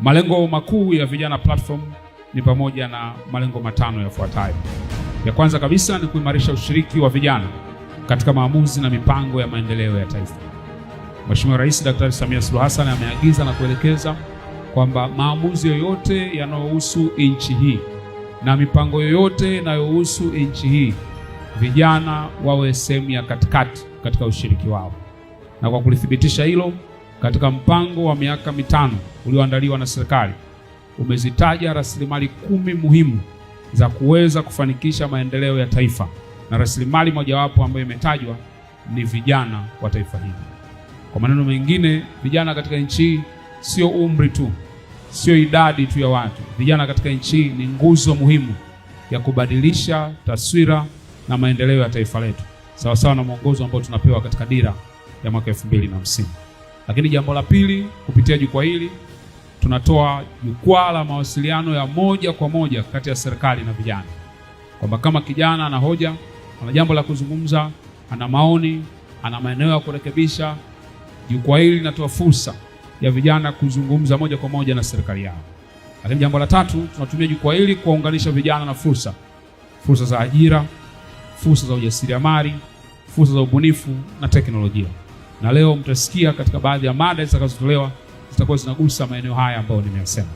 Malengo makuu ya Vijana Platform ni pamoja na malengo matano yafuatayo. Ya kwanza kabisa ni kuimarisha ushiriki wa vijana katika maamuzi na mipango ya maendeleo ya taifa. Mheshimiwa Rais Daktari Samia Suluhu Hassan ameagiza na kuelekeza kwamba maamuzi yoyote yanayohusu nchi hii na mipango yoyote inayohusu nchi hii, vijana wawe sehemu ya katikati katika ushiriki wao, na kwa kulithibitisha hilo katika mpango wa miaka mitano ulioandaliwa na serikali umezitaja rasilimali kumi muhimu za kuweza kufanikisha maendeleo ya taifa, na rasilimali mojawapo ambayo imetajwa ni vijana wa taifa hili. Kwa maneno mengine, vijana katika nchi hii sio umri tu, sio idadi tu ya watu. Vijana katika nchi hii ni nguzo muhimu ya kubadilisha taswira na maendeleo ya taifa letu, sawasawa na mwongozo ambao tunapewa katika dira ya mwaka 2050. Lakini jambo la pili, kupitia jukwaa hili tunatoa jukwaa la mawasiliano ya moja kwa moja kati ya serikali na vijana, kwamba kama kijana ana hoja, ana jambo la kuzungumza, ana maoni, ana maeneo ya kurekebisha, jukwaa hili linatoa fursa ya vijana kuzungumza moja kwa moja na serikali yao. Lakini jambo la tatu, tunatumia jukwaa hili kuwaunganisha vijana na fursa, fursa za ajira, fursa za ujasiriamali, fursa za ubunifu na teknolojia na leo mtasikia katika baadhi ya mada zitakazotolewa zitakuwa zinagusa maeneo haya ambayo nimeyasema.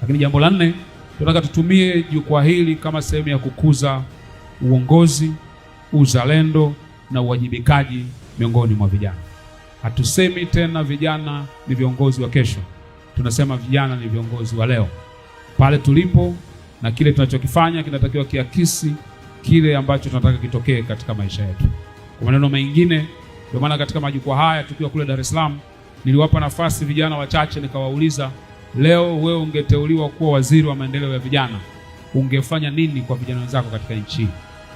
Lakini jambo la nne, tunataka tutumie jukwaa hili kama sehemu ya kukuza uongozi, uzalendo na uwajibikaji miongoni mwa vijana. Hatusemi tena vijana ni viongozi wa kesho, tunasema vijana ni viongozi wa leo. Pale tulipo na kile tunachokifanya kinatakiwa kiakisi kile ambacho tunataka kitokee katika maisha yetu. Kwa maneno mengine ndio maana katika majukwaa haya tukiwa kule Dar es Salaam niliwapa nafasi vijana wachache, nikawauliza leo, wewe ungeteuliwa kuwa waziri wa maendeleo ya vijana, ungefanya nini kwa vijana wenzako katika nchi hii?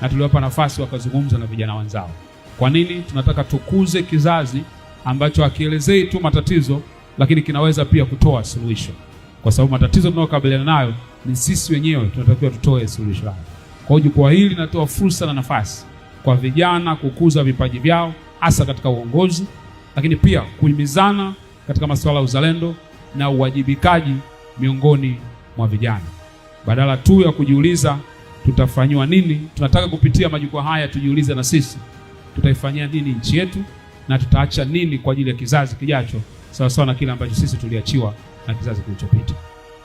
Na tuliwapa nafasi wakazungumza na vijana wenzao. Kwa nini tunataka tukuze kizazi ambacho hakielezei tu matatizo, lakini kinaweza pia kutoa suluhisho, kwa sababu matatizo tunayokabiliana nayo ni sisi wenyewe, tunatakiwa tutoe suluhisho lao. Kwa hiyo jukwaa hili linatoa fursa na nafasi kwa vijana kukuza vipaji vyao hasa katika uongozi, lakini pia kuhimizana katika masuala ya uzalendo na uwajibikaji miongoni mwa vijana, badala tu ya kujiuliza tutafanywa nini. Tunataka kupitia majukwaa haya tujiulize na sisi tutaifanyia nini nchi yetu na tutaacha nini kwa ajili ya kizazi kijacho, sawa sawa na kile ambacho sisi tuliachiwa na kizazi kilichopita.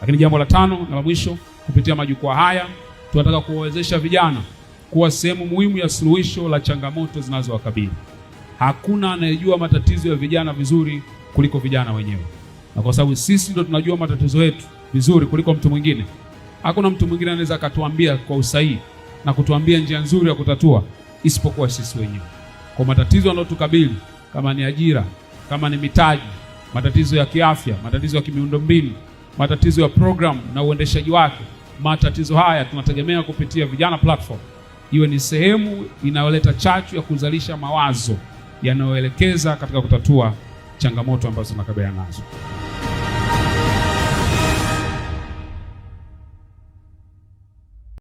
Lakini jambo la tano na la mwisho, kupitia majukwaa haya tunataka kuwawezesha vijana kuwa sehemu muhimu ya suluhisho la changamoto zinazowakabili. Hakuna anayejua matatizo ya vijana vizuri kuliko vijana wenyewe, na kwa sababu sisi ndo tunajua matatizo yetu vizuri kuliko mtu mwingine, hakuna mtu mwingine anaweza akatuambia kwa usahihi na kutuambia njia nzuri ya kutatua isipokuwa sisi wenyewe. Kwa matatizo yanayotukabili, kama ni ajira, kama ni mitaji, matatizo ya kiafya, matatizo ya kimiundombinu, matatizo ya programu na uendeshaji wake, matatizo haya tunategemea kupitia Vijana Platform iwe ni sehemu inayoleta chachu ya kuzalisha mawazo yanayoelekeza katika kutatua changamoto ambazo tunakabiliana nazo.